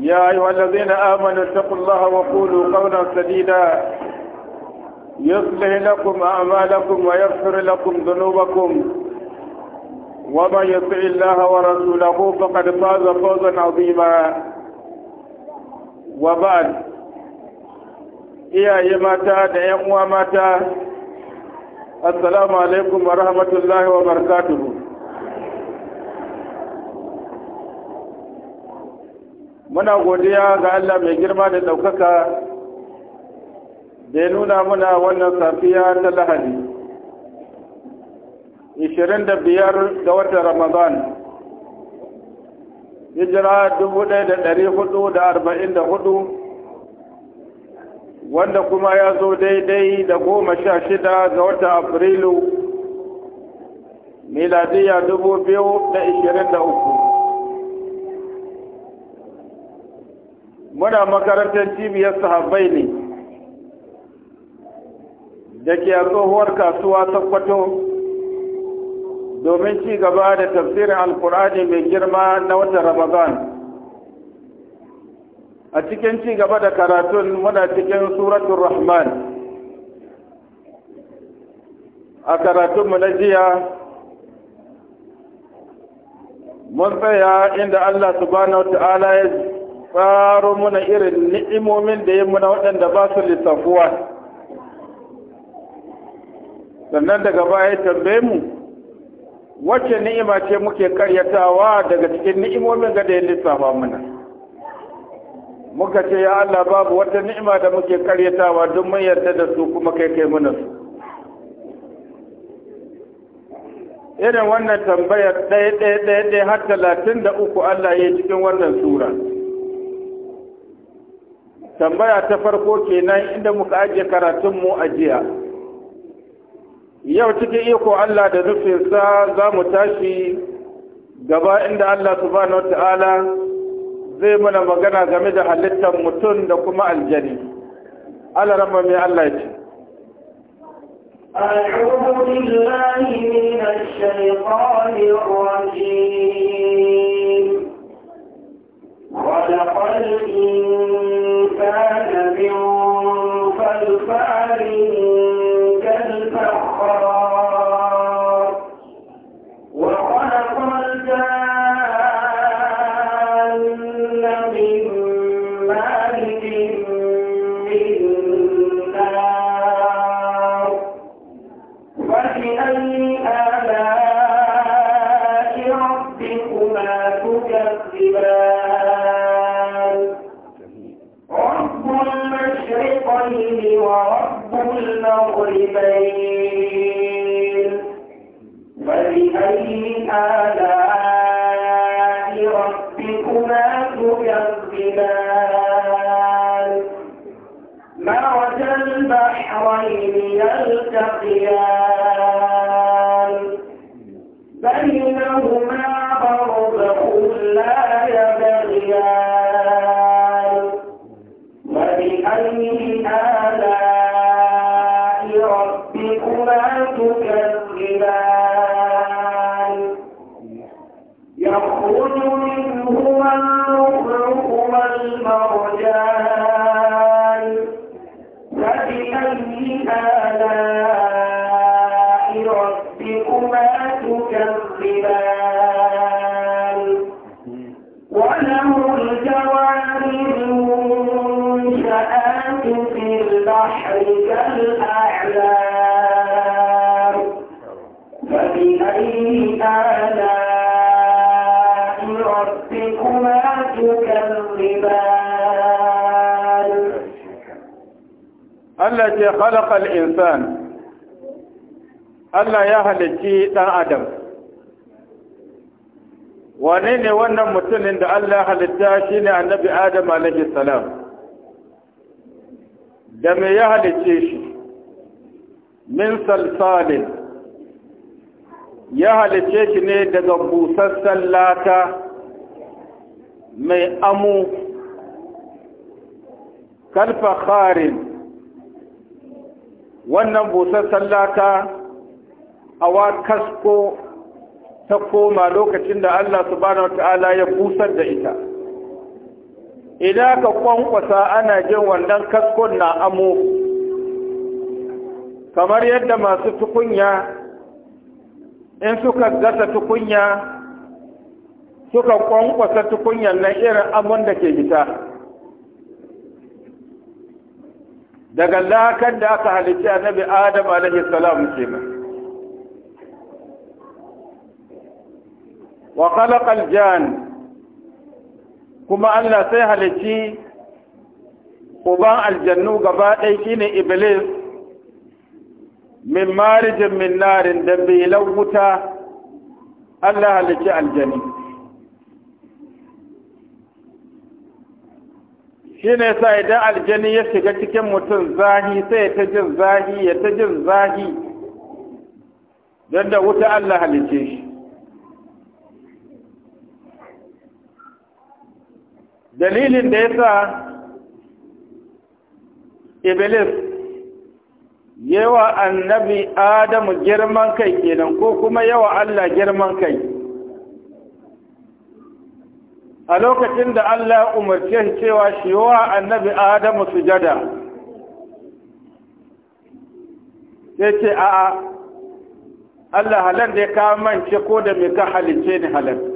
يا أيها الذين آمنوا اتقوا الله وقولوا قولا سديدا يصلح لكم أعمالكم ويغفر لكم ذنوبكم ومن يطع الله ورسوله فقد فاز فوزا عظيما وبعد iyaye mata da ‘yan uwa mata, Assalamu alaikum wa rahmatullahi wa barakatuhu. muna godiya ga Allah mai girma da ɗaukaka da nuna muna wannan safiya ta lahadi 25 ga watan ramadan hijira 1444 wanda kuma ya zo daidai da goma sha shida ga watan afrilu miladiya 2023 muna makarantar cibiyar sahabbai ne da ke a tsohuwar kasuwa ta kwato domin ci gaba da tafsirin alkur'ani mai girma na watan ramadan a cikin ci gaba da karatun muna cikin suratun rahman a karatunmu na jiya mun tsaya inda allah subhanahu wa ta'ala ya tsaro muna irin ni'imomin da ya muna waɗanda ba su lissafuwa sannan daga baya tambaye mu wacce ni'ima ce muke karyatawa daga cikin ni'imomin ga da ya lissafa muna muka ce ya Allah babu wata ni'ima da muke karyatawa don mun yarda da su kuma kai kai muna su irin wannan tambayar ɗaya ɗaya ɗaya ɗaya har talatin da uku Allah ya cikin wannan sura. tambaya ta farko kenan inda muka ajiye karatunmu a jiya yau cikin iko Allah da nufinsa za mu tashi gaba inda Allah subhanahu ta'ala zai mana magana game da halittar mutum da kuma aljani Allah rama mai Allah ce أعوذ بالله من الشيطان الرجيم كان من فلفال كالفخار wane ne wannan mutumin da Allah halitta shi ne annabi Adam alaihi salam da me ya halicce shi min salsalin ya halicce shi ne daga busassan lata mai amu Kalfa kharin wannan busassan lata awa kasko ta koma lokacin da Allah subhanahu wata'ala ya busar da ita idan ka kwankwasa ana jin wannan kaskon na amo kamar yadda masu tukunya in suka gasa tukunya suka kwankwasa tukunyar nan irin amon da ke fita daga lakar da aka halitta annabi adam alaihi salam kenan wa khalaqal jan kuma Allah sai halicci uban aljannu gaba ɗaya shine iblis min marijin min narin da belan wuta Allah halicci aljani shine sa idan aljani ya shiga cikin mutum zahi sai ta jin zahi ya ta jin zahi don da wuta Allah halicce shi dalilin da ya sa iblis yawa annabi adamu girman kai kenan ko kuma yawa allah girman kai a lokacin da allah umarce cewa shi wa annabi adamu sujada sai ce a'a allah halar da ya kawo mance ko da mai ka halince ni halar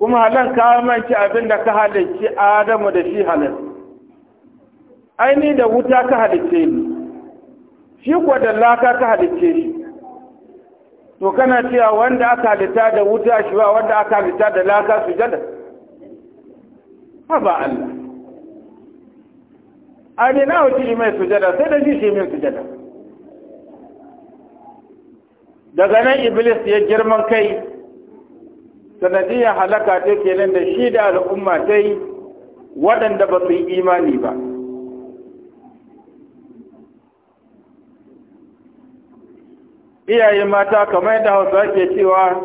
kuma halan ka manci abin da ka halicci Adamu da shi halal aini da wuta ka halicce ni shi kuwa da laka ka halicce shi to kana cewa wanda aka halitta da wuta shi ba wanda aka halitta da laka su jada haba Allah a ne na wuce mai sujada sai da shi shi su sujada daga nan iblis ya girman kai sanadiyar halaka ta kenan da shi da al'umma ta yi waɗanda ba su yi imani ba iyaye mata kamar yadda hausa ke cewa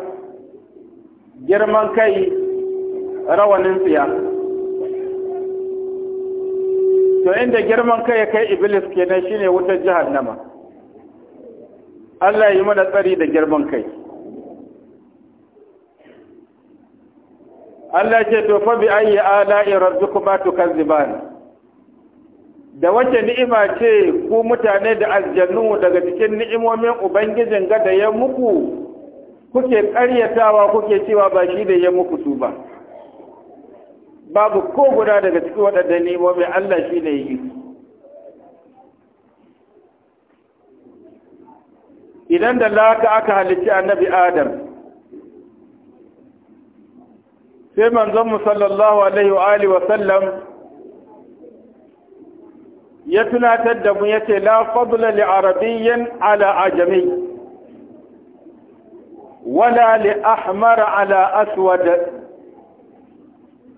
girman kai rawanin tsiya to inda girman kai ya kai iblis kenan shine wutar nama. Allah ya yi mana tsari da girman kai Allah ce to fa bi ayyi ala'i rabbikuma tukazziban da wace ni'ima ce ku mutane da aljannu daga cikin ni'imomin ubangijin ga da ya muku kuke karyatawa kuke cewa ba shi da ya muku su ba babu ko guda daga cikin waɗannan ni'imomi Allah shi ne yi idan da laka aka halicci annabi Adam sai manzon mu sallallahu alaihi wa alihi wa sallam ya tunatar da mu yace la fadla li arabiyyin ala ajami wala li ahmar ala aswad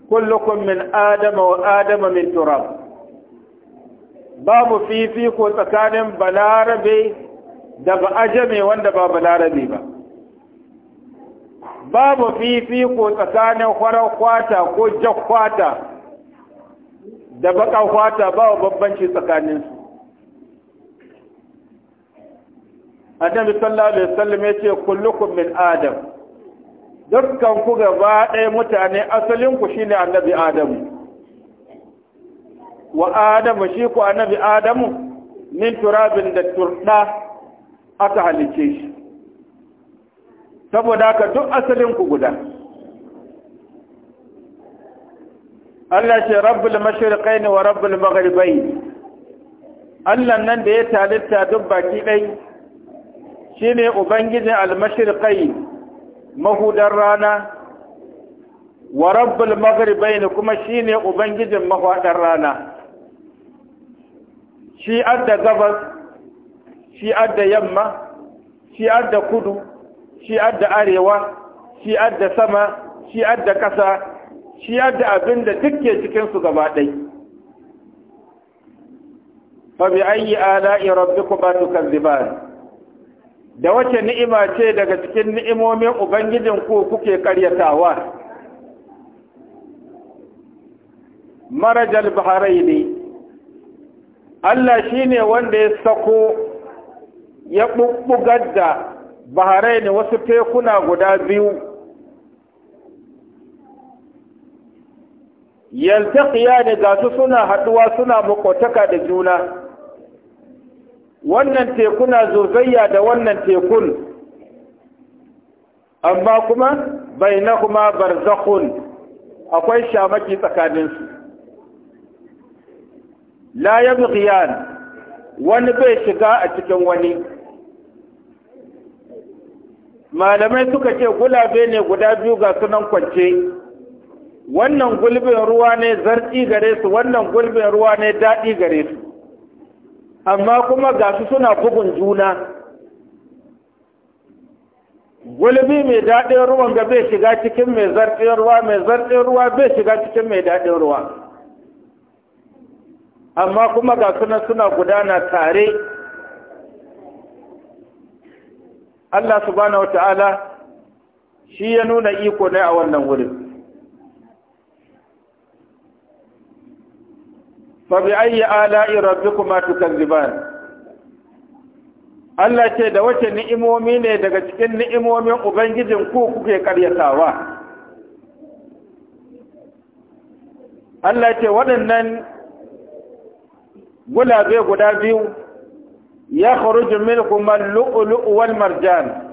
kullukum min adama wa adama min turab babu fifiko tsakanin balarabe da ba ajami wanda ba balarabe ba babu fifiko tsakanin farar kwata ko jak kwata da baƙar kwata babu babbanci tsakaninsu annabi sallallahu alaihi wasallam ya ce kullukum min adam dukkan ku gaba ɗaya mutane asalinku ku shine annabi adamu wa adamu shi ku annabi adamu min turabin da turda aka halice shi saboda haka duk asalin ku guda Allah ce rabbul mashriqain wa rabbul maghribain Allah nan da ya talitta duk baki ɗai shine ne Ubangijin almashirƙai mahudar rana, wa rabbul maghribai kuma shine Ubangijin mahudar rana. Shi adda gabas, shi adda yamma, shi adda kudu, shi adda arewa shi adda sama shi adda ƙasa shi adda abin da ke cikinsu gaba ɗai fa bi ayyi ala'i rabbikuma tukazziban da wace ni'ima ce daga cikin ni'imomin ubangijin ku kuke karyatawa marajal ne. Allah shi ne wanda ya sako ya bubbugar da baharai wasu tekuna guda biyu yaltaqiya ne ga su suna haɗuwa suna makotaka da juna wannan tekuna zozayya da wannan tekun amma kuma kuma barzakhun akwai shamaki tsakaninsu la yabghiyan wani bai shiga a cikin wani malamai suka ce gulabe ne guda biyu ga sunan kwance wannan gulbin ruwa ne zartsi gare su wannan gulbin ruwa ne daɗi gare su amma kuma ga su suna bugun juna gulbi mai daɗin ruwan ga bai shiga cikin mai zartsin ruwa mai zartsin ruwa bai shiga cikin mai daɗin ruwa amma kuma ga sunan suna gudana tare Allah subhanahu wata'ala shi ya nuna iko ne a wannan wurin fabi ayyi ala'i rabbikuma tukazziban Allah ce da wace ni'imomi ne daga cikin ni'imomin ubangijin ku kuke karyatawa Allah ce waɗannan gulabe guda biyu يخرج منكم اللؤلؤ والمرجان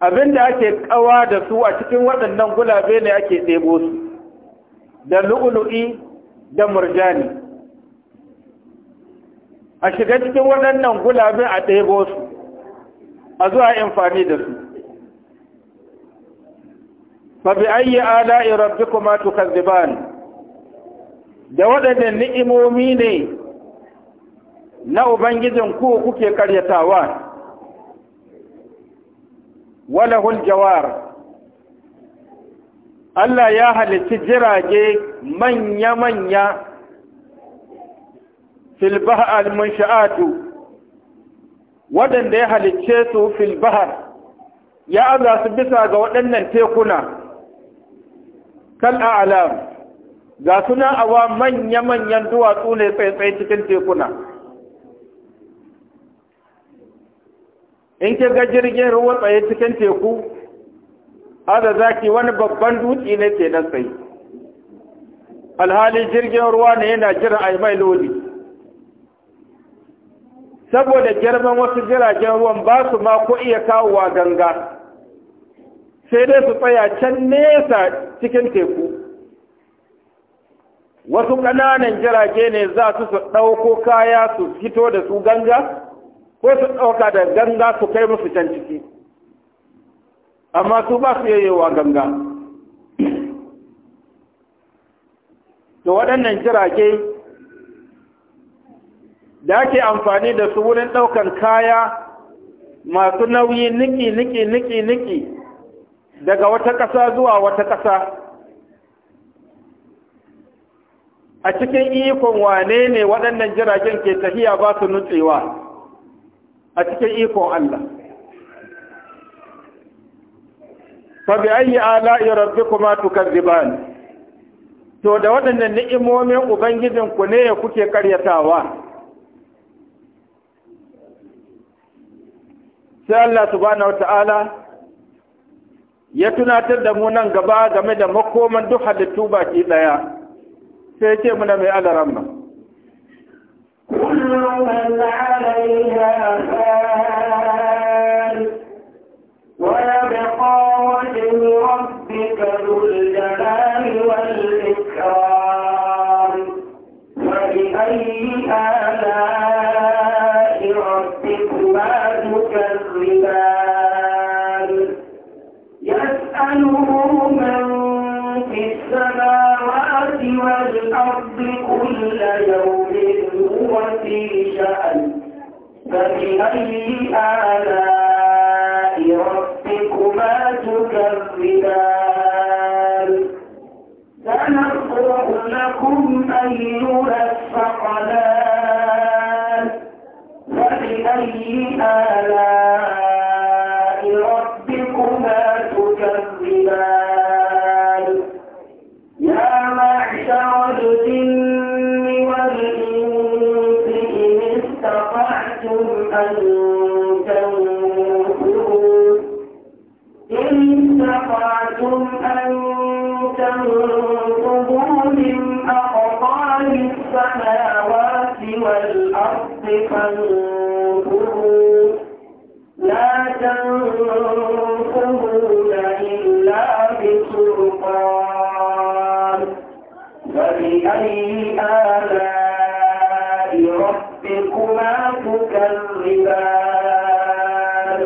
abin da ake kawa da su a cikin waɗannan gulabe ne ake ɗebo su da lu'ulu'i da murjani a shiga cikin waɗannan gulabe a ɗebo su a zuwa amfani da su fa bi ayyi ala'i rabbikuma tukazziban da waɗannan ni'imomi ne na ubangijin ku kuke karyatawa walahul jawar Allah ya halitti jirage manya-manya filbahar al-munsha'atu waɗanda ya halicce su bahar ya aza su bisa ga waɗannan tekuna kal a'lam ga suna awa manya-manyan duwatsu ne tsaye-tsaye cikin tekuna in ki ga jirgin ruwa tsaye cikin teku ada zaki wani babban dutse ne ke nan tsaye alhali jirgin ruwa ne yana jira a mai lodi saboda girman wasu jiragen ruwan ba su ma ko iya kawowa ganga sai dai su tsaya can nesa cikin teku wasu ƙananan jirage ne za su su ɗauko kaya su fito da su ganga ko sun ɗauka da ganga su kai musu can ciki amma su ba su yayyewa ganga to waɗannan jirage da ake amfani da su wurin ɗaukan kaya masu nauyi niki niki niki niki daga wata ƙasa zuwa wata ƙasa a cikin ikon wane ne waɗannan jiragen ke tafiya ba su nutsewa a cikin ikon Allah fa bi ala ala'i rabbikuma tukazziban to da waɗannan ni'imomin ku ne kuke karyatawa sai Allah subhanahu wata'ala ya tunatar da mu nan gaba game da makoman duk halittu baki ɗaya sai ce na mai alaramma كل من عليها فان ربك ذو الجلال والإكرام فبأي آلاء ربكما تكذبان يسأله من في السماوات والأرض كل يوم في شأن فبأي آلاء ربكما تكذبان سنقرأ لكم أيها الثقلان فبأي آلاء لا تنفرون إلا بسلطان فبأي آلاء ربكما تكذبان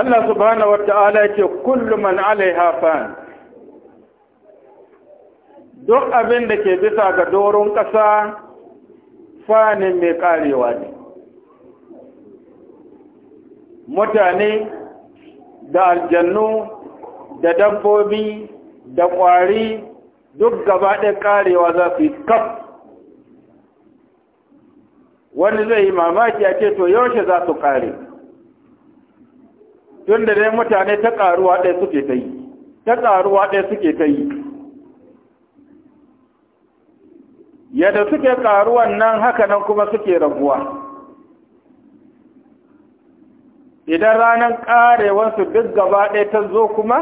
الله سبحانه وتعالى كل من عليها فان duk abin da ke bisa ga doron ƙasa fanin mai karewa ne mutane da aljannu da dabbobi da ƙwari duk gaba ɗaya karewa za su yi kaf wani zai yi mamaki a ce to yaushe za su kare tun da dai mutane ta ƙaruwa ɗaya suke ta yi ta ƙaruwa ɗaya suke ta yi yadda suke karuwan nan haka nan kuma suke raguwa idan ranar karewansu duk gaba ɗaya ta zo kuma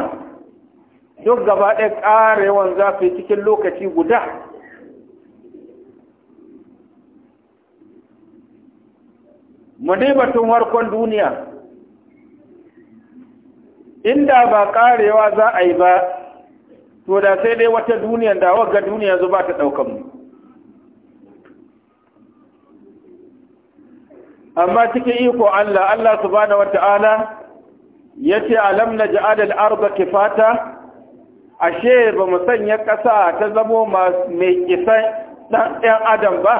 duk gaba ɗaya karewan za su yi cikin lokaci guda mu batun warkon duniya inda ba karewa za a yi ba to da sai dai wata duniyan da wagga duniya zuba ta ɗaukar mu amma cikin iko Allah Allah subhanahu wata'ala yace alam naj'al al-ardha kifata ashe ba mu sanya ƙasa ta zamo mai kisan dan ɗan adam ba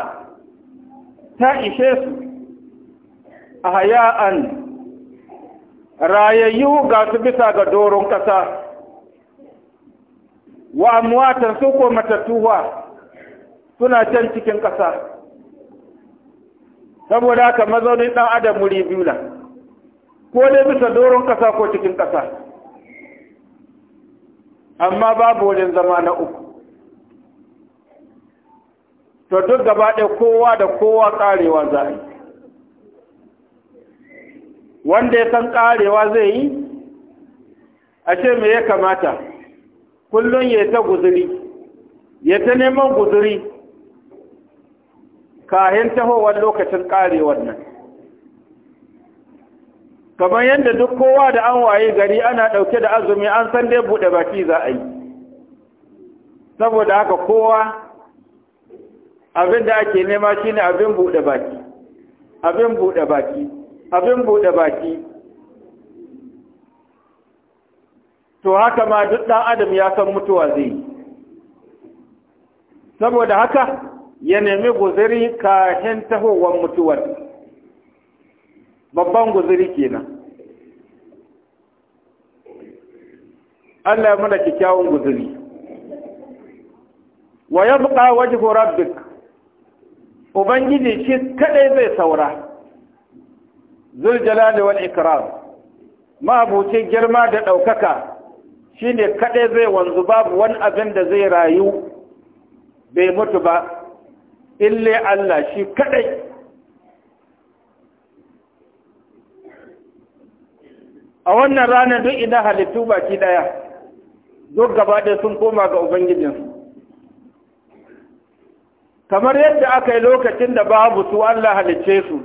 ta ishe su ahya'an rayayyu ga su bisa ga doron ƙasa wa amwatan su ko matatuwa suna can cikin ƙasa saboda haka mazaunin ɗan adam wuri biyu na ko dai bisa doron ƙasa ko cikin ƙasa amma babu wajen zama na uku to duk gaba ɗaya kowa da kowa ƙarewa za a yi wanda ya san ƙarewa zai yi ashe me ya kamata kullum ya ta guzuri ya ta neman guzuri kahin tahowar lokacin karewar nan kamar yadda duk kowa da an waye gari ana ɗauke da azumi an san dai buɗe baki za a yi saboda haka kowa abin da ake nema shine abin buɗe baki abin buɗe baki abin buɗe baki to haka ma duk ɗan adam ya san mutuwa zai yi saboda haka ya nemi guziri kahin tahowar mutuwar babban guziri kenan Allah ya mana kyakkyawan guziri wa ya buƙa wajihu rabbik ubangiji shi kaɗai zai saura zuljalali wani ikram ma'abucin girma da ɗaukaka shine kaɗai zai wanzu babu wani abin da zai rayu bai mutu ba ille Allah shi kadai a wannan ranar duk ina halittu baki daya duk gaba da sun koma ga ubangijinsu kamar yadda aka yi lokacin da babu su Allah halicce su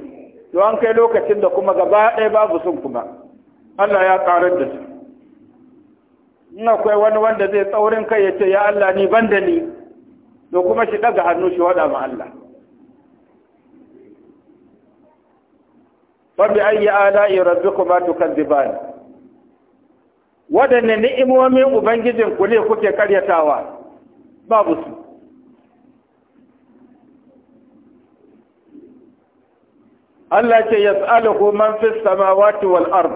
to an kai lokacin da kuma gaba ɗaya babu sun kuma Allah ya ƙarar da su in akwai wani wanda zai tsaurin kai ya ce ya Allah ni ban da ni to kuma shi daga hannu shi wada ma Allah fabi ayi ala'i rabbikuma tukadziban wadanne ni'imomin ubangijin ku ne kuke karyatawa babu su Allah ce yas'aluhu man fis samawati wal ard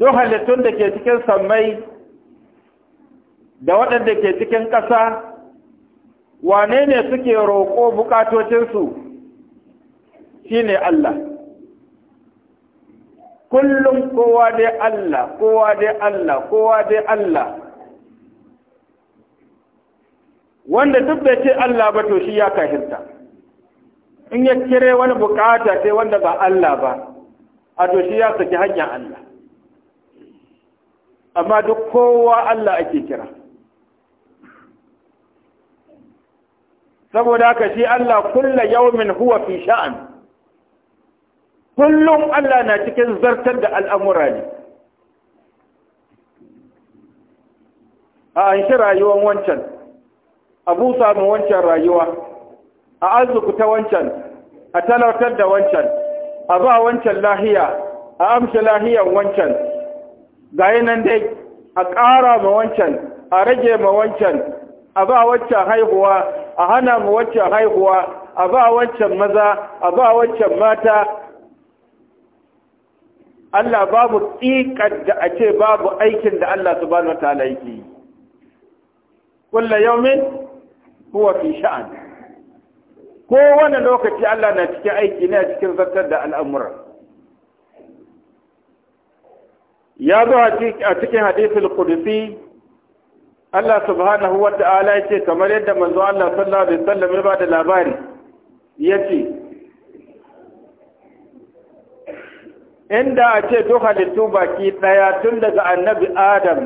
halittun da ke cikin samai. da waɗanda ke cikin ƙasa wane ne suke roƙo bukatocinsu shi ne Allah kullum kowa dai Allah kowa dai Allah kowa dai Allah wanda duk da ce Allah ba to shi ya kahirta in ya kire wani bukata sai wanda ba Allah ba a to shi ya saki hanyar Allah amma duk kowa Allah ake kira saboda haka shi Allah kulla yawmin huwa fi sha'an kullum Allah na cikin zartar da al'amura ne a an shi rayuwar wancan a busa mu wancan rayuwa a ta wancan a talautar da wancan a ba wancan lahiya a amshi lahiyar wancan ga nan dai a ƙara ma wancan a rage ma wancan a ba waccan haihuwa a hana mu waccan haihuwa a ba waccan maza a ba waccan mata Allah babu tsikar da a ce babu aikin da Allah subhanahu wataala yake yi kulla yaumin huwa fi sha'an kowane lokaci Allah na cikin aiki ne a cikin zartar da al'amura ya zo a cikin hadithul qudsi Allah subhanahu wa ta'ala ya kamar yadda manzo Allah sallallahu alaihi wasallam ya bada labari yace inda a ce to halittu baki daya tun daga annabi Adam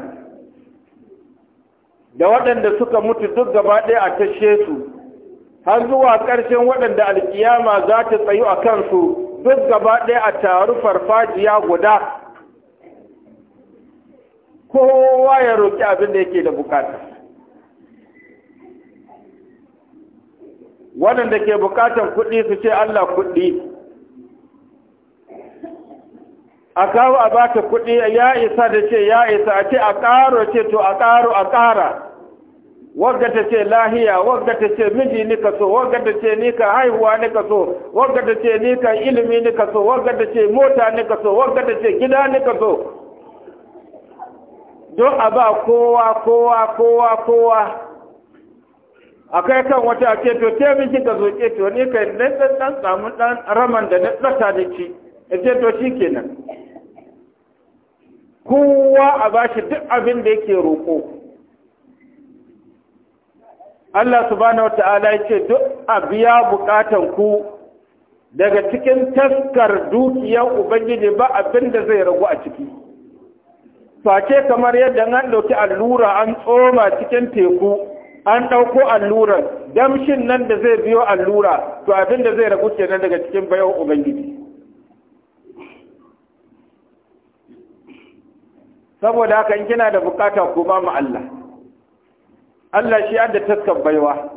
da waɗanda suka mutu duk gaba ɗaya a tashe su har zuwa ƙarshen waɗanda alkiyama za ta tsayu a kansu duk gaba ɗaya a taru farfajiya guda kowa ya roƙi abin da yake da bukata waɗanda ke bukatan kuɗi su ce Allah kuɗi a kawo a baka kuɗi ya isa da ce ya isa a ce a ƙaro ce to a ƙaro a ƙara wadda ta ce lahiya wadda ta ce miji ni ka so wadda ta ce ni ka haihuwa ni ka so wadda ta ce ni ka ilimi ni ka so wadda ta ce mota ni ka so wadda ta ce gida ni ka so don a ba kowa kowa kowa kowa a kai kan wata ce to ce min kika zo ke to ne kai ne, dan dan samu dan raman da na tsaka da ci ce to kenan kowa a bashi duk abin da yake roƙo Allah subhanahu wata'ala ya ce duk a biya buƙatan ku daga cikin taskar dukiyar Ubangiji ba abin da zai ragu a ciki. face kamar yadda an ɗauki allura an tsoma cikin teku an ɗauko allurar damshin nan da zai biyo allura to abin da zai rabu kenan daga cikin bayan ubangiji saboda haka in kina da bukata ku ba mu Allah Allah shi adda taskar baiwa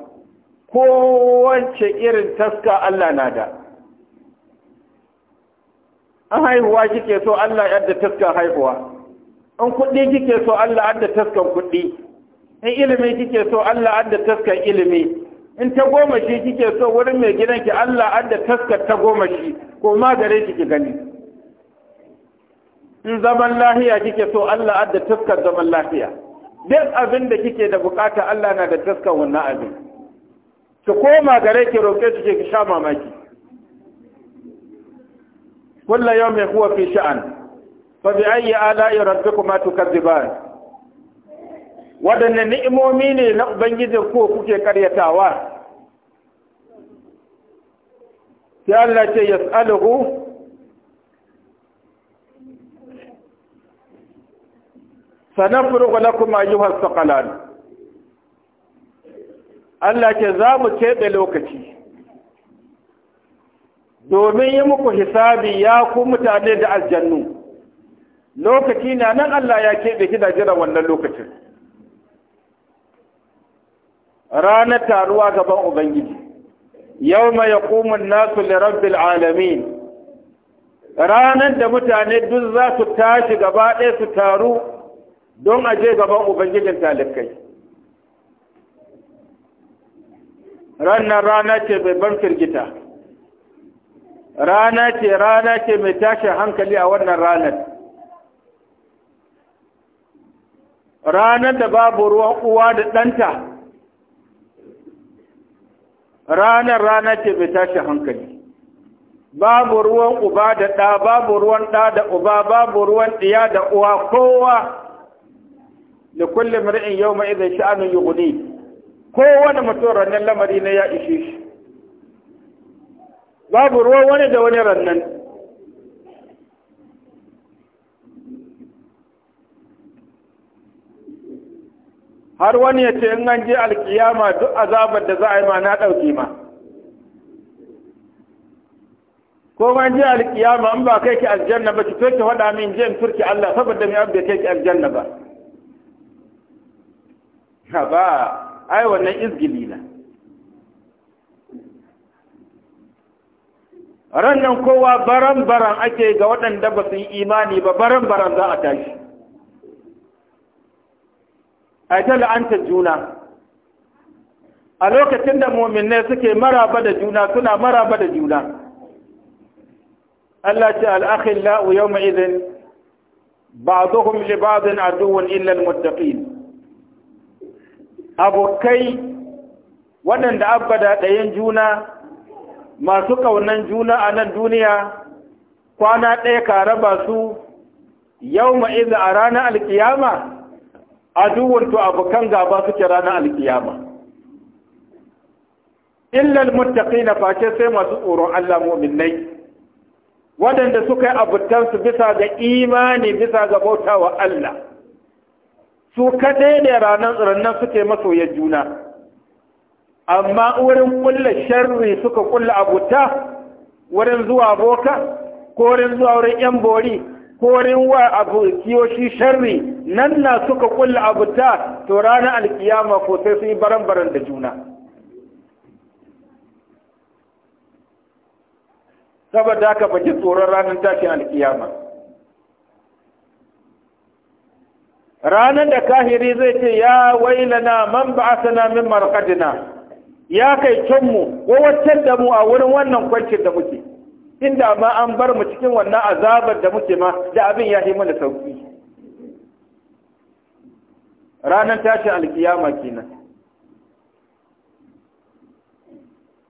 kowace irin taska Allah na da an haihuwa kike so Allah yadda taskar haihuwa in kuɗi kike so Allah da taskan kuɗi in ilimi kike so Allah da taskan ilimi in ta goma shi kike so wurin mai gidanki Allah da taskar ta goma shi ko ma gare ki gani in zaman lahiya kike so Allah da taskar zaman lahiya duk abin da kike da bukata Allah na da taskar wannan abin ki koma gare ki roƙe ki ki sha mamaki kullu mai huwa fi sha'an fa bi ayyi ala'i tuka tukadziban wadanne ni'imomi ne na ubangiji ko kuke karyatawa sai Allah ce yas'aluhu sanafrugu lakum ayyuhas saqalan Allah ce za mu keɓe lokaci domin yi muku hisabi ya ku mutane da aljannu lokaci na nan Allah ya keɓe kina jira wannan lokacin ranar taruwa gaban ubangiji yawma ya an-nasu li rabbil alamin ranar da mutane duk za su tashi gaba ɗaya su taru don a je gaban ubangijin talikai ranar rana ce bai ban firgita rana ce rana ce mai tashin hankali a wannan ranar ranar da babu ruwan uwa da ɗanta ranar rana ce bai tashi hankali babu ruwan uba da ɗa babu ruwan ɗa da uba babu ruwan ɗiya da uwa kowa da kullum ra'in yau mai zai sha'anu yi guni kowane mutum rannan lamari na ya ishe shi babu ruwan wani da wani rannan har wani ya ce in an je alkiyama duk azabar da za a yi ma na ɗauke ma ko an je alkiyama in ba kai ki aljanna ba ki to ki faɗa min je in turki Allah saboda mai abu da kai ki aljanna ba ha ba ai wannan izgili na ran nan kowa baran baran ake ga waɗanda ba su yi imani ba baran baran za a tashi a ita la'antar juna a lokacin da muminai suke maraba da juna suna maraba da juna Allah ce al'akhin la'u yau ma'izin ba zuhun libazin aduwun illal muttaqin abokai waɗanda abada ɗayan juna masu ƙaunan juna a nan duniya kwana ɗaya ka raba su yau ma'iza a ranar alkiyama aduwar to abokan gaba suke ranar alkiyama illal na face sai masu tsoron Allah mu'minnai waɗanda suka yi abutansu bisa ga imani bisa ga bautawa Allah su kadai ne ranar rannan suke masoya juna amma wurin kulla sharri suka ƙulla abuta wurin zuwa boka ko wurin zuwa wurin yan bori korin wa abu kiyoshi sharri nan na suka kulla ta to ranar alkiyama ko sai sun yi baran-baran da juna saboda ka ba ji tsoron ranar tashin alkiyama ranar da kahiri zai ce ya wailana man ba'athana min marqadina ya kai canmu ko wacce da mu a wurin wannan kwancin da muke inda ma an bar mu cikin wannan azabar da muke ma da abin ya yi mana sauki ranar tashin alkiyama kenan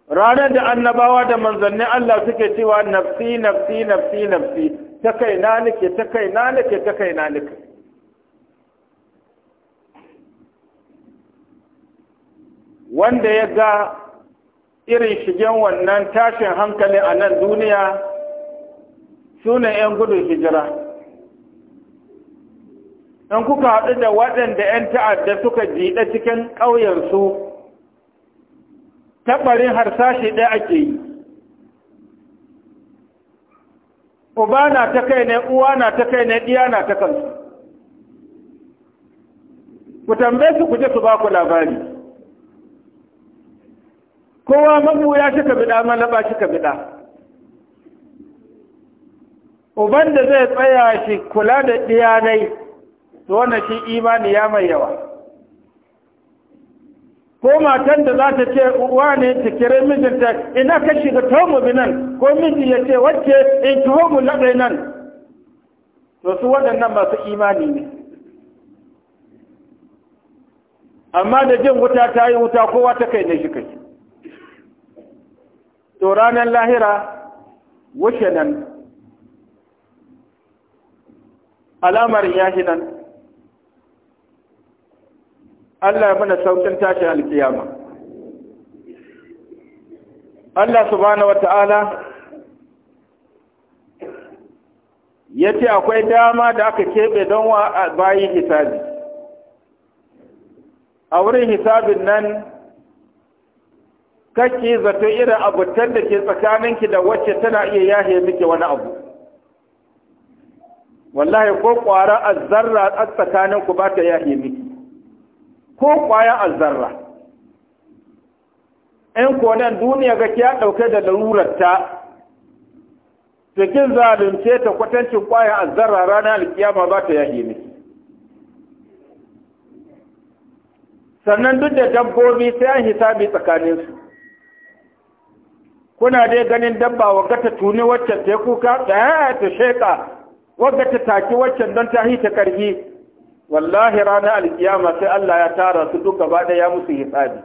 ranar da annabawa da manzannin Allah suke cewa nafsi nafsi nafsi nafsi ta kai na nake ta kai na nake ta kai na nake wanda ya ga irin shigen wannan tashin hankali a nan duniya su ne 'yan gudun hijira in kuka haɗu da waɗanda 'yan ta'adda suka jiɗa cikin ƙauyensu taɓarin harsashi ɗaya ake yi uba na ta kai ne uwa na ta kai ne ɗiya na ta kansu ku tambaye su ku su ba ku labari kowa mabu kabida ma na ba shi kabida uban da zai tsaya shi kula da diyanai to wannan shi imani ya mai yawa ko matan da za ta ce uwa ne ta kira mijinta ina ka shiga tomu nan ko miji ya ce wacce in eh, tuho mu laɗai nan to su waɗannan masu imani ne amma da jin wuta ta yi wuta kowa ta kai ne shi kai to ranar lahira wuce nan alamar yashi nan Allah mana saukin tashi alkiyama Allah subhanahu wata'ala ya ce akwai dama da aka keɓe don wa bayi hisabi a wurin hisabin nan kake zato irin abutan da ke tsakaninki da wacce tana iya yahe miki wani abu wallahi ko kwara azzarra a tsakaninku ba ta yahe miki ko kwaya azzarra in ko nan duniya ga ya dauke da larurarta ta cikin zalunce ta kwatancin kwaya azzarra ranar alkiyama ba ta yahe miki sannan duk da dabbobi sai an hisabi tsakaninsu kuna dai ganin dabba wagga ta tuni waccan ta kuka tsaya eh, ta sheka wagga ta taki waccan don ta hita karfi wallahi ranar alkiyama sai Allah ya tara su duka ba ya musu hisabi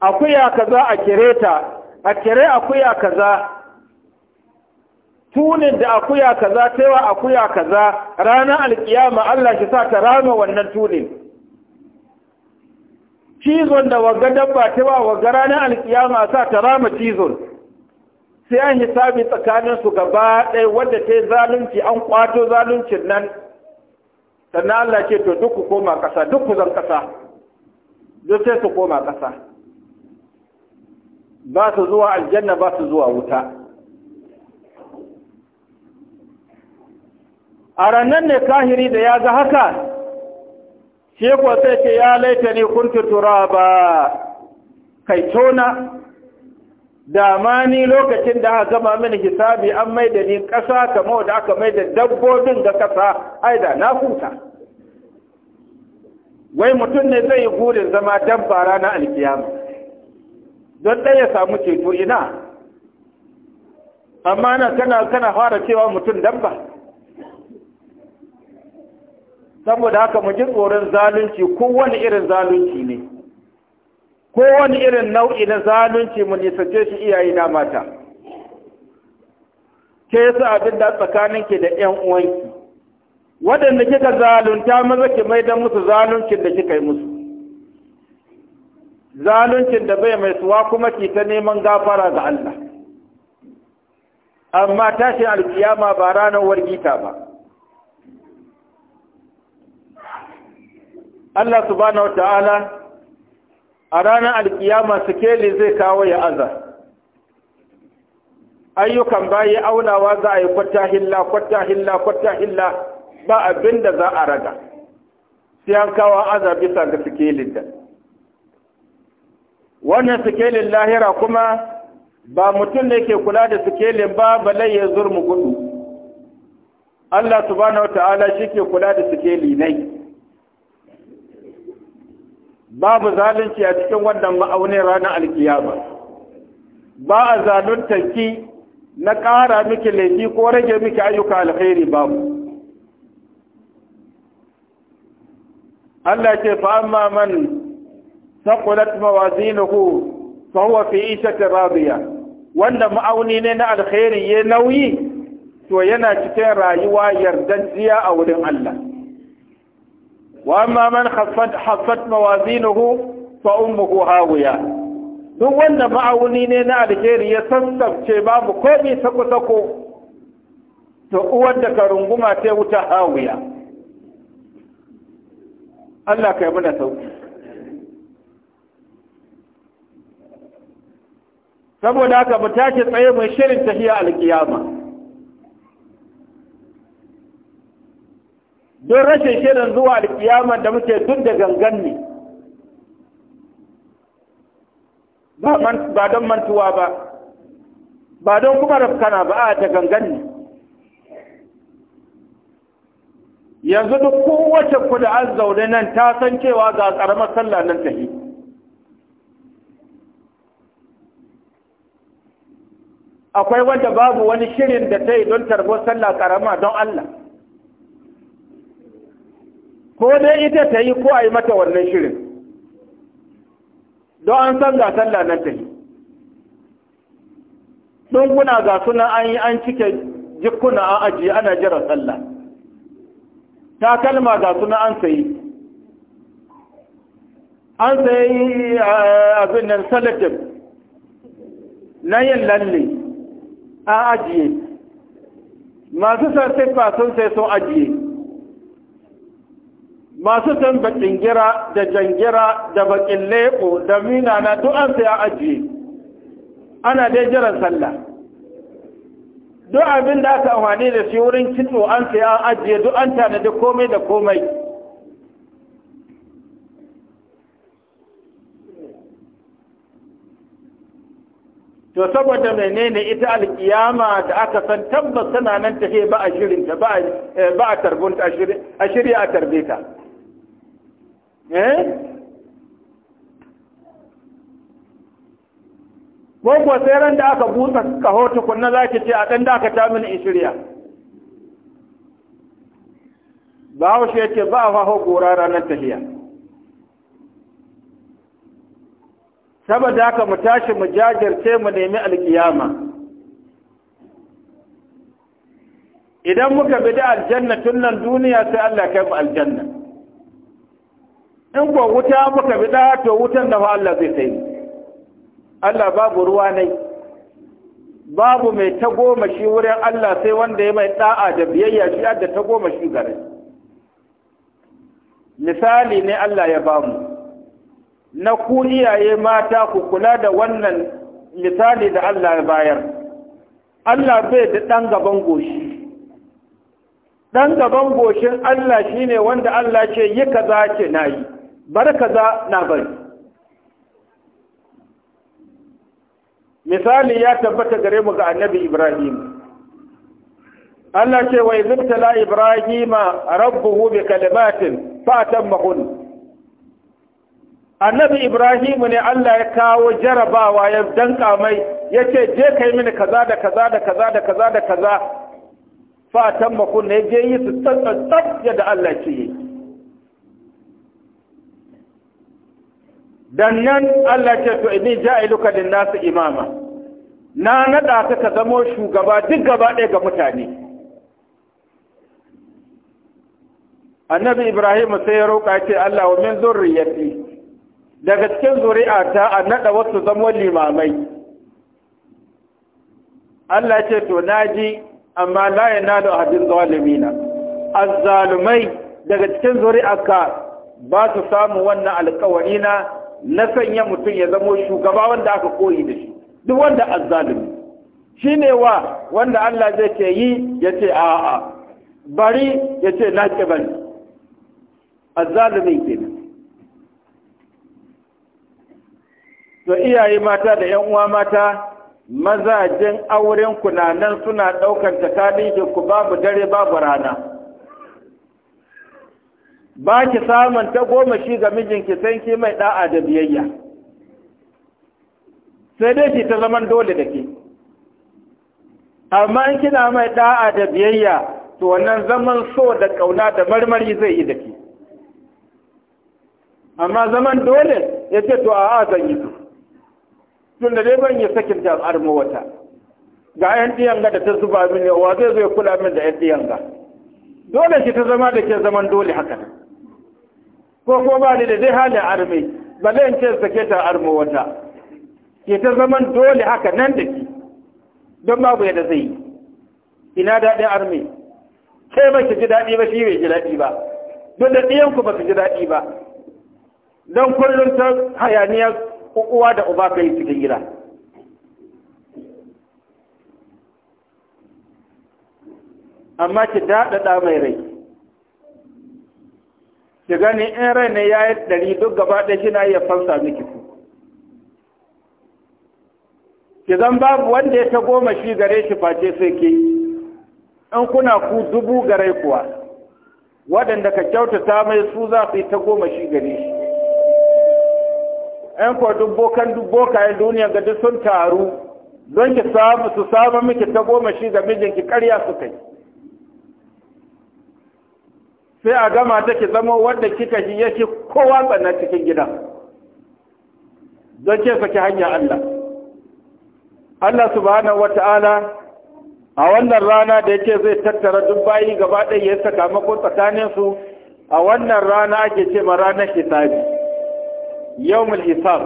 akuya kaza a kire ta a kire akuya kaza tunin da akuya kaza taiwa akuya kaza ranar alkiyama Allah shi sa ta rama wannan tunin cizon da waga dabba ta ba wagga ranar alkiyama sa ta rama cizon sai an hisabi tsakanin su gaba ɗaya wadda ta yi zalunci an kwato zaluncin nan sannan Allah ce to duk ku koma ƙasa duk ku zan ƙasa duk sai su koma ƙasa ba su zuwa aljanna ba su zuwa wuta a ranar ne kahiri da ya ga haka shi ko sai ce ya laita ni kunti turaba kai tona da ma ni lokacin da aka gama mini hisabi an mai da ni ƙasa kamar da aka mai da dabbobin da ƙasa ai da na huta wai mutum ne zai yi burin zama dabba ranar alkiyama don ya samu ceto ina amma na kana kana fara cewa mutum dabba saboda haka mu ji tsoron zalunci kowane irin zalunci ne kowane irin nau'i na zalunci mu nisace shi iyaye na mata ke yasa abin da tsakanin ke da ƴan uwanki waɗanda kika zalunta maza ki mai da musu zaluncin da kika yi musu zaluncin da bai mai suwa kuma ki ta neman gafara ga Allah amma tashin alkiyama ba ranar wargita ba Allah subhanahu ala, a ranar alkiyama sikeli zai kawo ya aza ayyukan bayi aunawa za a yi kwata hilla kwata hilla kwata hilla ba abin da za a raga sai an kawo aza bisa ga sikelin da wannan sikelin lahira kuma ba mutum ne ke kula da sikelin ba balai ya zurmu gudu Allah subhanahu wata ta'ala shi ke kula da sikeli nai babu zalunci a cikin wannan ma'aunin ranar alkiyama ba a zalunta ki na ƙara miki laifi ko rage miki ayyuka alkhairi babu Allah ce fa amma man saqulat mawazinuhu fa huwa fi ishatin radiya wanda ma'auni ne na alkhairi ya nauyi to yana cikin rayuwa yardajiya a wurin Allah wa وأما من خفت حفت موازينه فأمه هاوية duk wanda ma'auni ne na alheri ya sassabce babu komai sako-sako to uwar da ka runguma ta wuta hawiya Allah ka yi mana sauki saboda haka mu tashi tsaye mu shirin tafiya alkiyama don rashin shirin zuwa alkiyama da muke duk da gangan ne ba don mantuwa ba ba don kuma rafkana ba a da gangan ne yanzu duk kowace ku da an zaune nan ta san cewa ga karamar sallah nan ta yi akwai wanda babu wani shirin da ta yi don tarbo sallah karama don Allah ko dai ita ta yi ko a yi mata wannan shirin don an san ga sallah nan ta yi ɗunguna ga suna an yi an cike jikuna an ajiye ana jira sallah takalma ga suna an sayi an sayi eh, abin nan salatin na yin lalle an ajiye masu sartifa sun sai sun ajiye masu san ɗingira da jangira da baƙin leƙo da mina na duk sai a ajiye ana dai jiran sallah duk abin da aka amfani da shi wurin kitso an sai an ajiye duk an tanadi komai da komai to saboda menene ita alkiyama da aka san tabbas tana nan tafe ba a shirinta ba a eh, tarbunta a shirya a tarbe ta Eh? ko kuwa sai ran da aka busa kaho tukunna za ki ce a ɗan dakata mini in shirya bahaushe ya ce ba a faho gora ranar tahiya saboda haka mu tashi mu jajirce mu nemi alkiyama idan muka bi da aljanna tun nan duniya sai Allah kai mu aljanna in ko wuta muka bi da to wutan da fa Allah zai sai Allah babu ruwa ne babu mai tagoma shi wurin Allah sai wanda ya mai da'a da biyayya shi da tagoma shi gare misali ne Allah ya bamu na ku iyaye mata ku kula da wannan misali da Allah ya bayar Allah bai da ɗan gaban goshi ɗan gaban goshin Allah shi ne wanda Allah ce yi kaza ce na yi bar kaza na bari misali ya tabbata gare mu ga annabi ibrahim Allah ce wa izibtala ibrahima rabbuhu bi kalimatin fa tammahun annabi ibrahim ne Allah ya kawo jarabawa ya danka mai yace je kai mini kaza da kaza da kaza da kaza da kaza fa tammahun ne je yi su tsantsan yadda Allah ke yi dan nan Allah ce to inni ja'iluka lin-nasi imama na nada ka ka zamo shugaba duk gaba ɗaya ga mutane annabi ibrahim sai ya roƙa ce Allah wa min zurriyati daga cikin zuri'ata a nada wasu zamo limamai Allah ce to naji amma la yanalu ahadin zalimina azzalumai daga cikin ka ba su samu wannan alƙawari na na sanya mutum ya zamo shugaba wanda aka koyi da shi duk wanda azzalimi shi ne wa wanda Allah zai ce yi ya ce a'a bari ya ce na ki bari azzalimin kenan to iyaye mata da yan uwa mata mazajen auren ku na nan suna ɗaukar ta ku babu dare babu rana ba ki samun ta goma shi ga mijinki sai ki mai da'a da biyayya sai dai ki ta zaman dole da ke amma in kina mai da'a da biyayya to wannan zaman so da kauna da marmari zai yi da ke amma zaman dole ya ce to a'a zan yi su tun da dai ban yi sakin jam'ar mu wata ga 'yan ga da ta zuba mini wa zai zai kula min da 'yan ga. dole ki ta zama da ke zaman dole haka nan ko ko ba ni da dai halin armi ba zai ce sake ta armo wata ke ta zaman dole haka nan da ke don babu yadda zai yi ina daɗin armi? sai ba ki ji daɗi ba shi bai ji daɗi ba don da ku ba su ji daɗi ba don kullum ta hayaniyar uwa da uba kai cikin gida amma ki daɗaɗa mai rai ki gani in rai ne ya yi ɗari duk gaba ɗaya kina iya fansa miki su ki zan babu wanda ya ta goma shi gare shi face sai ke in kuna ku dubu gare kuwa waɗanda ka kyautata mai su za su yi ta goma shi gare shi ‘yan kuwa dubbokan dubbokayen duniya ga duk sun taru don ki samu su samu miki ta goma shi ga mijinki karya su kai. sai a gama take zama wadda kika shi yake kowa tsana cikin gida don ce saki hanya Allah Allah subhanahu wata'ala a wannan rana da yake zai tattara duk bayi gaba ɗaya ya saka mako tsakanin su a wannan rana ake ce ma ranar hisabi yawmul hisab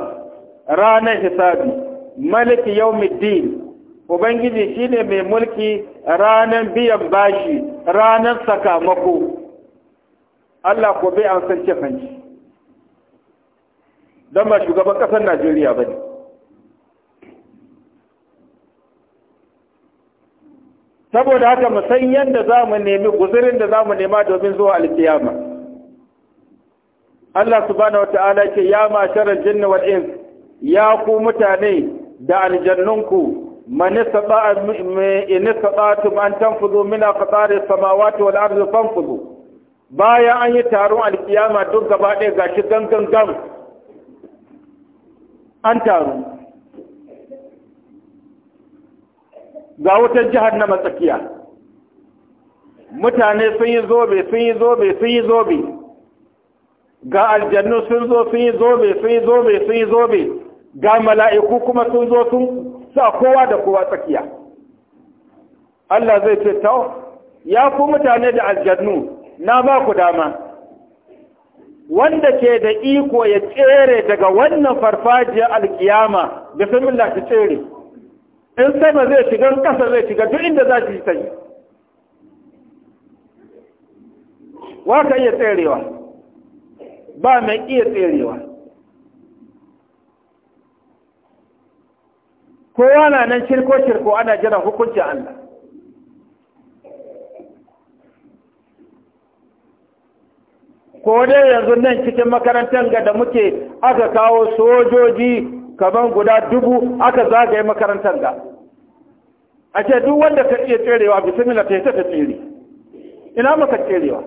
ranar hisabi maliki din, ubangiji shine mai mulki ranar biyan bashi ranar sakamako Allah ko bai an san cin hanci don ba shugaban ƙasar Najeriya ba ne. Saboda haka mu san yadda za mu nemi guzurin da za mu nema domin zuwa alkiyama. Allah subhanahu wata'ala ce ya ma masharar jinni wal ins ya ku mutane da aljannunku man istata'tum an tanfudu min aqtari samawati wal ardi fanfudu Baya an yi taron alkiyama duk gaba ɗaya ga shi gangan gan an taru ga wutar jihar na matsakiya mutane sun yi zobe sun yi zobe sun yi zobe ga aljannu sun zo sun yi zobe sun yi zobe sun yi zobe ga mala'iku kuma sun zo sun sa kowa da kowa tsakiya Allah zai ce ta ya ku mutane da aljannu na ba ku dama wanda ke da iko ya tsere daga wannan farfajiyar alkiyama da bismillah ta tsere in sama zai shiga kasa zai shiga duk inda za shi sai wa ka iya tserewa ba mai iya tserewa kowa na nan shirko-shirko ana jira hukuncin Allah ko dai yanzu nan cikin makarantar ga da muke aka kawo sojoji kaman guda dubu aka zagaye makarantar ga a ce duk wanda ka iya tserewa bismillah ta ta tsere ina maka tserewa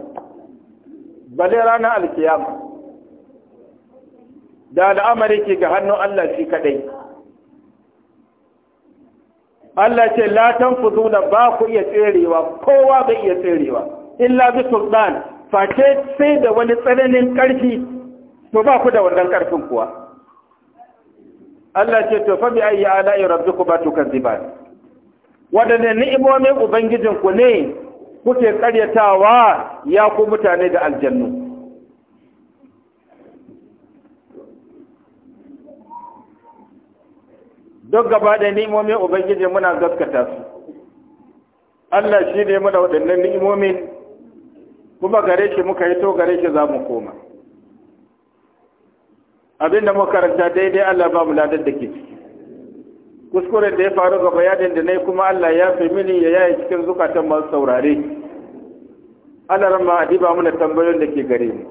bale ranar alkiyama da al'amari ke ga hannun Allah shi kadai Allah ce la tanfuzuna ba ku iya tserewa kowa bai iya tserewa illa bi sultan face sai da wani tsananin ƙarfi ba ba ku da wannan ƙarfin kuwa Allah ce to fa bi ayi ala'i kan ziba. Waɗanne ni'imomin ubangijinku ne kuke ƙaryatawa ya ku mutane da aljannu duk gaba da ni'imomin ubangiji muna gaskata su Allah shi ne mana waɗannan ni'imomin kuma gare shi muka yi to gare shi za mu koma abinda muka karanta daidai Allah ba mu ladar da ke kuskuren da ya faru ga bayanin da na yi kuma Allah ya fi mini ya yaya cikin zukatan masu saurare Allah ran ma adiba mana tambayoyin da ke gare mu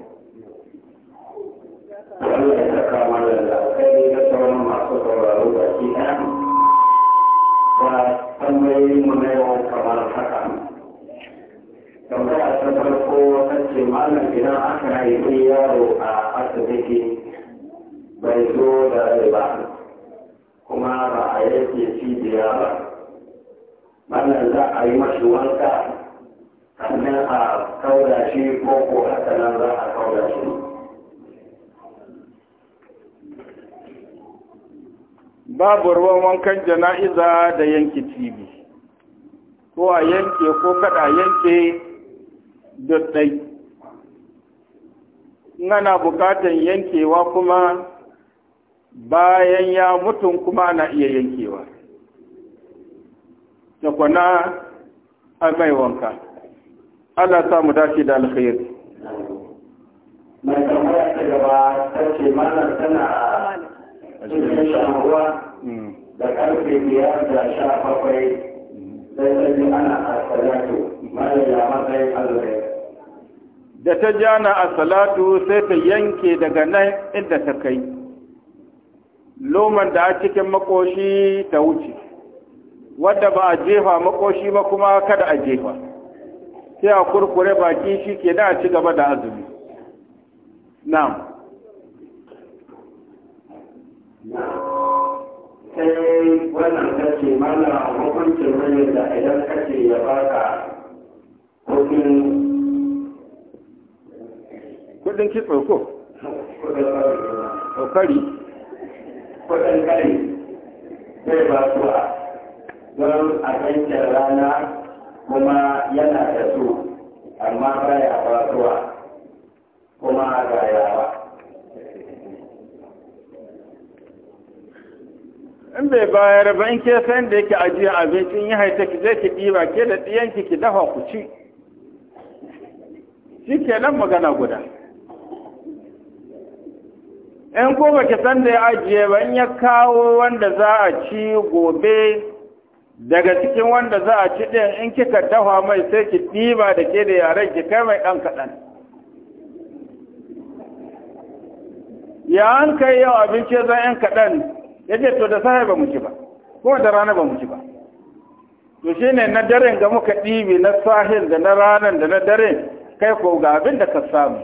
tambayoyin mu na yawan kamar haka tambaya ta farko ta ce malam idan aka haifi yaro a asibiti bai zo da rai ba kuma ba a yake cibiya ba wannan za a yi mashi wanka sannan a kauda shi ko ko haka nan za a kauda shi babu ruwan wankan jana'iza da yanke cibi ko a yanke ko kada yanke duk ɗai ana bukatan yankewa kuma bayan ya mutum kuma na iya yankewa da kwana a mai wanka Allah sa mu da alkhairi mai tambaya ta gaba ta ce mana tana cikin shahuwa mm. da karfe biyar da sha bakwai sai sai ana asalatu mallam ya matsayin azumi da ta jana a salatu sai ta yanke daga nan inda ta kai loman da a cikin makoshi ta wuce wadda ba a jefa makoshi ba kuma kada a jefa sai a kurkure baki shi ke da a ci gaba da azumi na'am sai wannan kace mana hukuncin da idan kace ya baka hukuncin kudin kitso ko kokari kudin kai zai ba a don a kankan rana kuma yana da su amma baya ba kuwa kuma ga yawa in bai bayar ba in ke san da yake ajiya abincin ya haita ki zai ki ɗiba ke da ɗiyanki ki dafa ku ci shi ke nan magana guda in ko ba ki san da ya ajiye ba in ya kawo wanda za a ci gobe daga cikin wanda za a ci ɗin in kika dafa mai sai ki ɗiba da ke da yaren ki kai mai ɗan kaɗan ya an kai yau abinci zan yan kaɗan ya ce to da sahi ba mu ci ba ko da rana ba mu ci ba to shi ne na daren ga muka ɗibi na sahil da na ranar da na daren kai ko ga abin da ka samu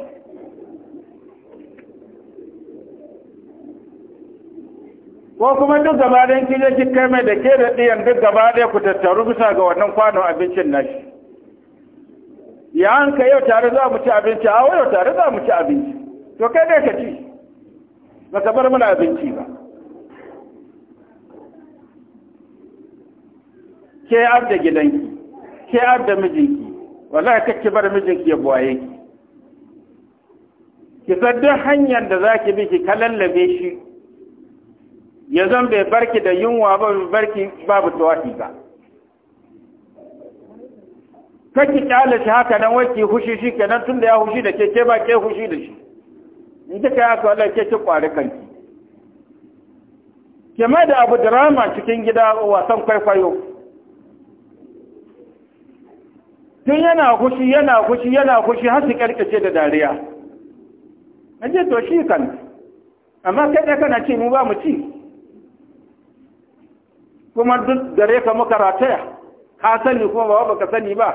ko kuma duk gaba ɗayan kin yi kai mai da ke da ɗiyan duk gaba ɗaya ku tattaru bisa ga wannan kwanon abincin nashi ya an ka yau tare za mu ci abinci a yau tare za mu ci abinci to kai dai ka ci ba ka bar mana abinci ba ke ab da gidanki ke ab da mijinki wallahi ki bar mijinki ya buwaye ki ki san duk hanyar da za ki bi ki kalallabe shi ya zan bai barki da yunwa ba barki babu tawafi ba kaki kyale shi haka nan wai ki hushi shi tun da ya hushi da keke ba ke hushi da shi in kika ya ka wallahi ke ki kwari kanki ke mai da abu drama cikin gida wasan kwaikwayo tun yana hushi yana hushi yana hushi har su karkace da dariya na je to shi kan amma kai kana ce mu ba mu ci kuma duk gare ka muka rataya ka sani kuma ba ka sani ba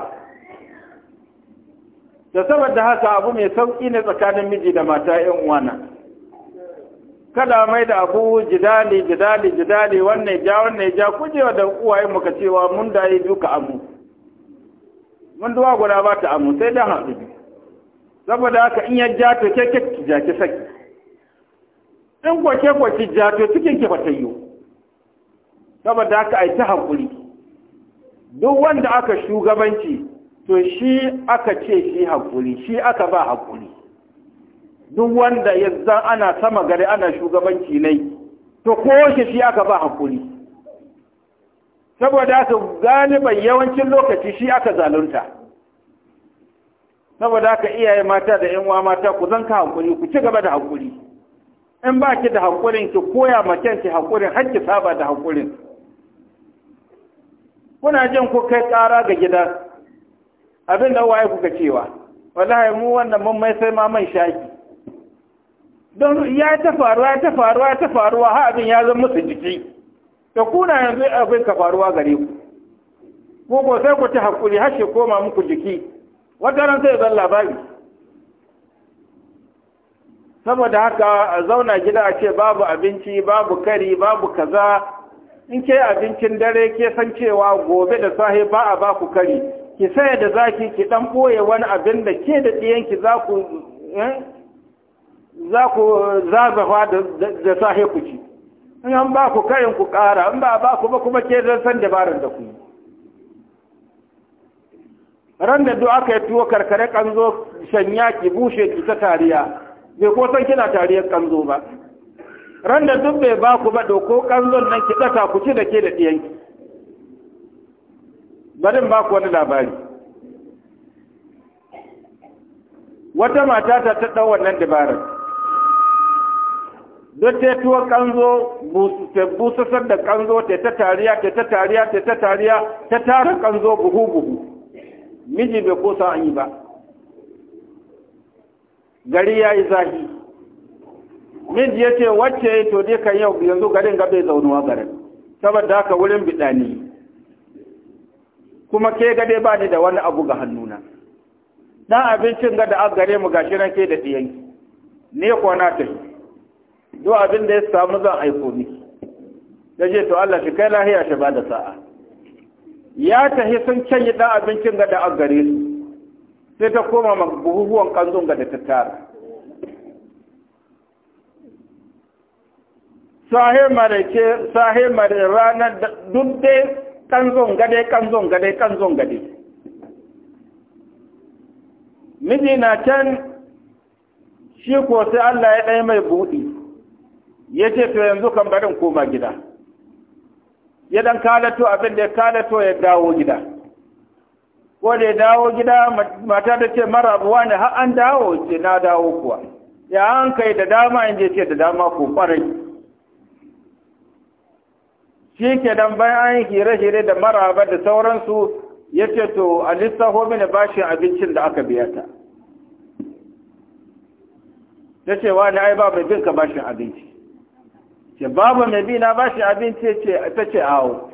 da saboda haka abu mai sauƙi ne tsakanin miji da mata 'yan uwana kada mai da abu jidali jidali jidali wannan ja wannan ja kujewa da uwaye muka cewa mun da yi duka amu mun duwa guda ba ta amu sai dan haɗu saboda haka in ya ja to ke ke ja ki saki in kwace kwace ja to cikin ki ba yiwu saboda haka ai ta hankuri duk wanda aka shugabanci to shi aka ce shi hakuri, shi aka ba hakuri. duk wanda yanzu ana sama gari ana shugabanci ne to kowace shi aka ba hakuri. saboda haka galiban yawancin lokaci shi aka zalunta saboda haka iyaye mata da yan mata ku zanka hakuri, ku ci gaba da hakuri. in ba ki da haƙurin ki koya ma kanki haƙurin har ki saba da haƙurin kuna jin ku kai ƙara ga gida abin da waye kuka cewa wallahi mu wannan mun mai sai ma man shaki don ya ta faruwa ya ta faruwa ta faruwa ha abin ya zama musu jiki to kuna yanzu abin ka faruwa gare ku ko ko sai ku ta hakuri har shi koma muku jiki wata ran sai zan labari saboda haka a zauna gida a ce babu abinci babu kari babu kaza in ke abincin dare ke san cewa gobe da sahi ba a ba ku kari ki saya da zaki ki dan boye wani abin da ke da diyanki za ku eh, za ku zagawa da sahi ku ci in an ba ku karin ku ƙara in ba ba ku ba kuma ke zan san dabarar da ku ran da duk aka yi tuwo karkare kanzo shanya ki bushe ki ta tariya bai ko san kina tariyar kanzo ba ran da duk bai ba ku ba ko kanzon nan ki tsaka ku ci da ke da ɗiyanki barin ba ku wani labari wata mata ta ta ɗau wannan dabarar duk ta tuwa kanzo ta busasar da kanzo ta ta tariya ta ta tariya ta ta tariya ta tara kanzo buhu buhu miji bai kosa an yi ba gari ya yi zahi min ya ce wacce to dai kan yau yanzu garin ga zaunuwa garin saboda haka wurin bidani kuma ke ga dai bani da wani abu ga hannuna dan abincin ga da gare mu gashi nan ke da diyanki ne ko na ta Do abin da ya samu zan aiko ni da je to Allah shi kai lahiya shi ba da sa'a ya tahi sun canyi dan abincin ga da gare su sai ta koma ma buhuhuwan kanzon ga da tattara sahe marake sahe mare ranar duk dai zon gade kan zon gade kan zon gade miji na can shi ko sai Allah ya dai mai buɗi ya ce to yanzu kan barin koma gida ya dan kalato abin da ya kalato ya dawo gida ko da ya dawo gida mata da ce marabuwa ne har an dawo ce na dawo kuwa ya an kai da dama in je ce da dama ko kwarai shi ke dan bayan an yi hire-hire da maraba da sauransu ya ce to a lissaho mini bashin abincin da aka biya ta ta ce wa ai babu mai binka bashin abinci ce babu mai bi na bashin abinci ta ce awo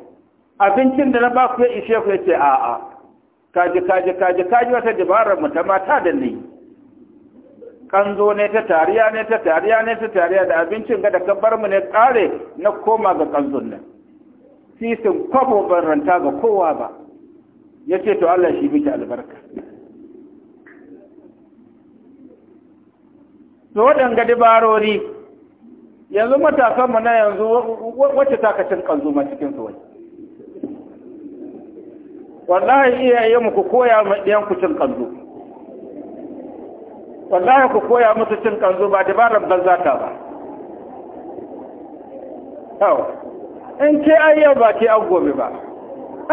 abincin da na ba ku ya ishe ku ya ce a'a kaji kaji kaji kaji wata dabarar mu ta mata da ni kanzo ne ta tariya ne ta tariya ne ta tariya da abincin ga da kabar mu ne kare na koma ga kanzon nan sisin kwabo ban ranta ga kowa ba ya ce to Allah shi miki albarka to waɗanga dabarori yanzu matasanmu na yanzu wacce takacin ƙanzu ma cikin su wani wallahi iyaye mu ku koya ma ɗiyan ku cin kanzo wallahi ku koya musu cin ƙanzu ba dabarar banza ta ba in ce an yau ba ce an gobe ba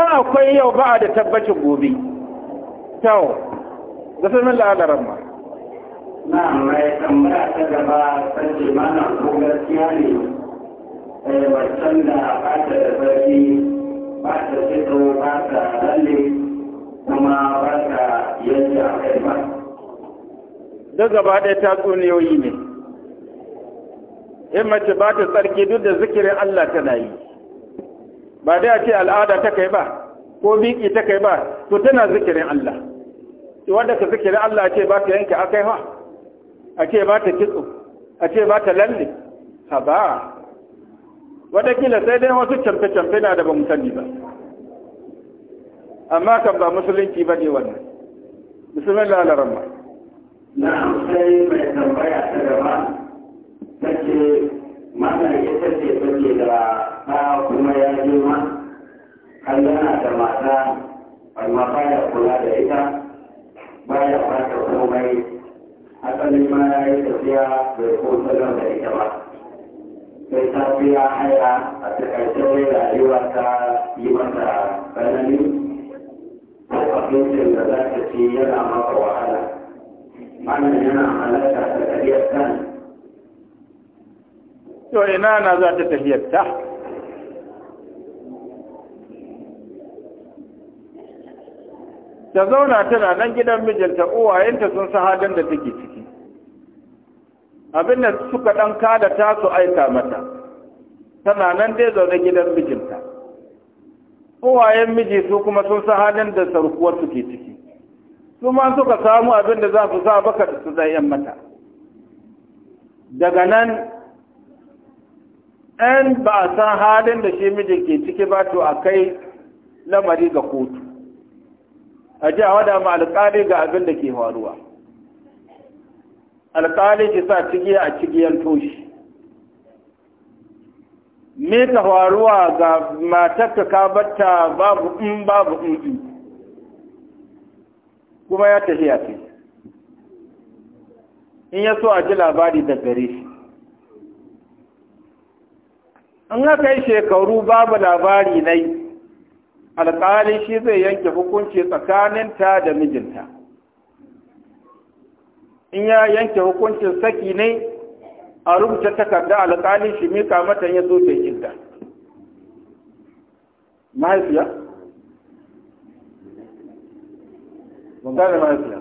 an akwai yau ba a da tabbacin gobe kyau da sanin la'adaran ma na mai tambaya ta gaba san mana ko gaskiya ne waccan eh, da ba ta da sarki ba ta fito ba ta lalle kuma ba ta yadda a ba duk gaba ɗaya ta tsuniyoyi ne in mace ba ta tsarki duk da zikirin Allah tana yi ba dai a ce al'ada ta kai ba ko biki ta kai ba to tana zikirin Allah to wanda ka zikirin Allah ce ba ta yanke akai ha a ce ba ta kitso a ce ba ta lalle ha ba wanda kila sai dai wasu camfe-camfe na da ba musulmi ba amma kan ba musulunci ba ne wannan na da rahman na sai mai tambaya ta gaba ce. mana ya tace tace da ba kuma ya girma har yana da mata amma ya kula da ita baya fata komai asali ma ya yi tafiya bai ko salon da ita ba sai tafiya biya haya a takaice rayuwa ta yi mata tsanani ko abincin da za ta ci yana maka wahala mana yana halarta ta kariyar kan to ina na za ta tafiyar ta ta zauna tana nan gidan mijinta uwayenta sun sa halin da take ciki abin da suka ɗan kada ta su aika mata tana nan dai zaune gidan mijinta uwayen miji su kuma sun sa halin da sarkuwar suke ciki su ma suka samu abin da za su sa baka da su ɗayan mata daga nan ɗan ba a san halin da shi mijin ke ciki ba to a kai lamari ga kotu a ji a wada ma alƙali ga abin da ke faruwa alƙali ki sa cigiya a cigiyar toshi me ka faruwa ga matar ka kabata babu in babu in kuma ya tafiya ce in ya so a ji labari da gare shi in aka yi shekaru babu labari nai alƙali shi zai yanke hukunci tsakaninta da mijinta in ya yanke hukuncin saki ne a rubuta takarda alƙali shi mika mata ya zo ta idda mahaifiya ban mahaifiya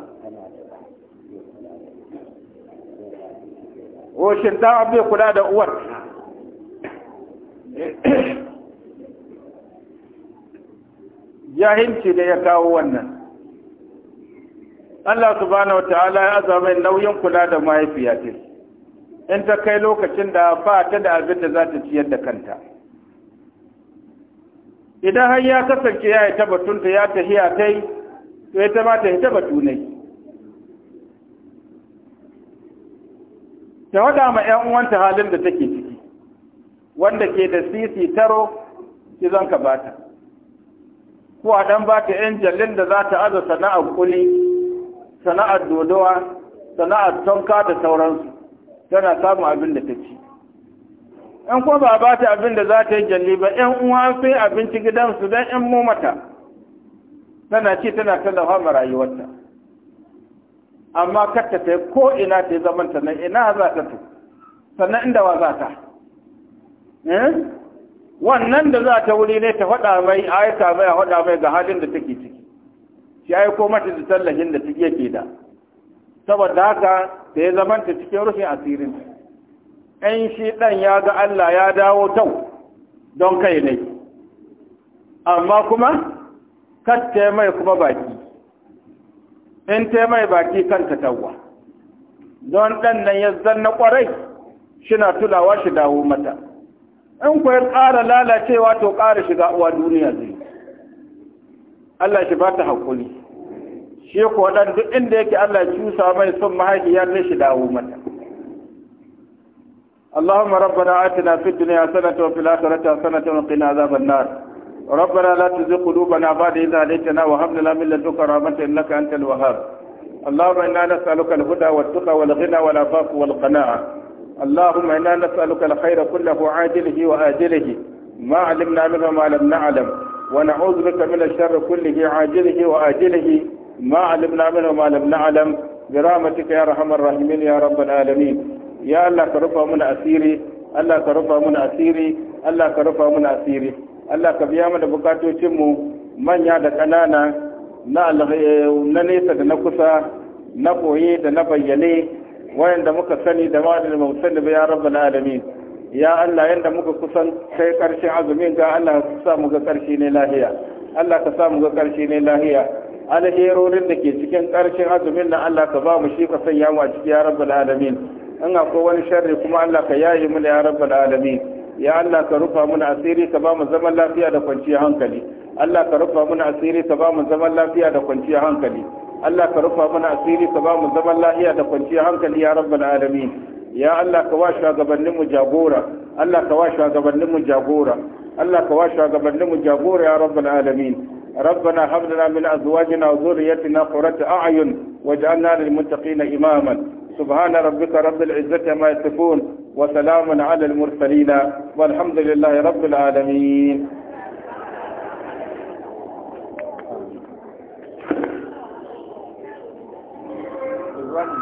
o ta kula da uwar jahilci da ya kawo wannan Allah subhanahu wataala ya zama nauyin kula da mahaifiya ce in ta kai lokacin da ba ta da abin da za ta ciyar da kanta idan har ya kasance ya yi ta ya tahiya ta kai to ya ma ta yi ta ne ta wada ma 'yan uwanta halin da take ciki wanda ke da sisi taro ki zan ka bata ko a dan bata yan jallin da za ta aza sana'ar kuli sana'ar dodowa sana'ar tonka da sauransu tana samun abin da ta ci in kuma ba ba ta abin da za ta yi jalli ba yan uwa sai abinci gidansu dan yan mumata tana ci tana tallafa ma rayuwarta amma kar ta ko ina ta yi ta nan ina za ta to sannan inda wa za ta Eh? wannan da za ta wuri ne ta faɗa mai ayata mai faɗa mai ga halin da take ciki shi aiko mata da tallafin da take yake da saboda haka da ya ta cikin rufin asirin ɗan shi ɗan ya ga Allah ya dawo tau don kai ne amma kuma katta mai kuma baki in ta mai baki kanta tawwa don ɗan nan ya zanna ƙwarai shi na tulawa shi dawo mata in ku ya ƙara lalacewa to ƙara shiga uwa duniya zai Allah shi ba ta haƙuri shi ku waɗanda duk inda yake Allah ya cusa mai son mahaifiya zai shi dawo mata اللهم ربنا آتنا في الدنيا حسنة وفي الآخرة حسنة وقنا عذاب النار ربنا لا تزغ قلوبنا بعد إذ هديتنا وهب لنا من لدنك رحمة إنك أنت الوهاب اللهم إنا نسألك الهدى والتقى والغنى والعفاف والقناعة اللهم إنا نسألك الخير كله عاجله وآجله ما علمنا منه ما لم نعلم ونعوذ بك من الشر كله عاجله وآجله ما علمنا منه ما لم نعلم برحمتك يا أرحم الراحمين يا رب العالمين يا الله كرفا من أسيري الله كرفا من أسيري الله كرفا من أسيري الله كبيا من بكاتو تشمو من يادك أنانا na nesa da na kusa na koye da na bayyane wayanda muka sani da madal mausalli ba ya rabbal alamin ya Allah yadda muka kusan kai karshen azumin ga Allah ka sa mu ga karshe ne lahiya Allah ka sa mu ga karshe ne lahiya alherorin da ke cikin karshen azumin na Allah ka ba mu shi ka sanya mu a ciki ya rabbal alamin in akwai wani sharri kuma Allah ka yaye mu ya rabbal alamin ya Allah ka rufa mu asiri ka ba mu zaman lafiya da kwanciyar hankali Allah ka rufa mu asiri ka ba mu zaman lafiya da kwanciyar hankali Allah ka rufa mana asiri ka ba mu zaman lahiya da kwanciyar hankali ya rabbal alamin ya Allah ka wa shugabannin mu jagora Allah ka wa shugabannin mu jagora Allah ka wa shugabannin mu jagora ya rabbal alamin ربنا هب لنا من ازواجنا وذريتنا قرة اعين واجعلنا للمتقين اماما سبحان ربك رب العزة ما يصفون وسلام على المرسلين والحمد لله رب العالمين wannan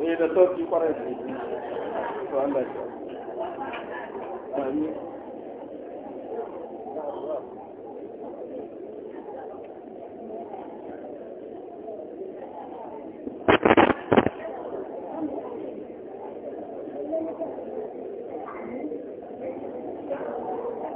e eh, da sauki kwarai da ita wanda ke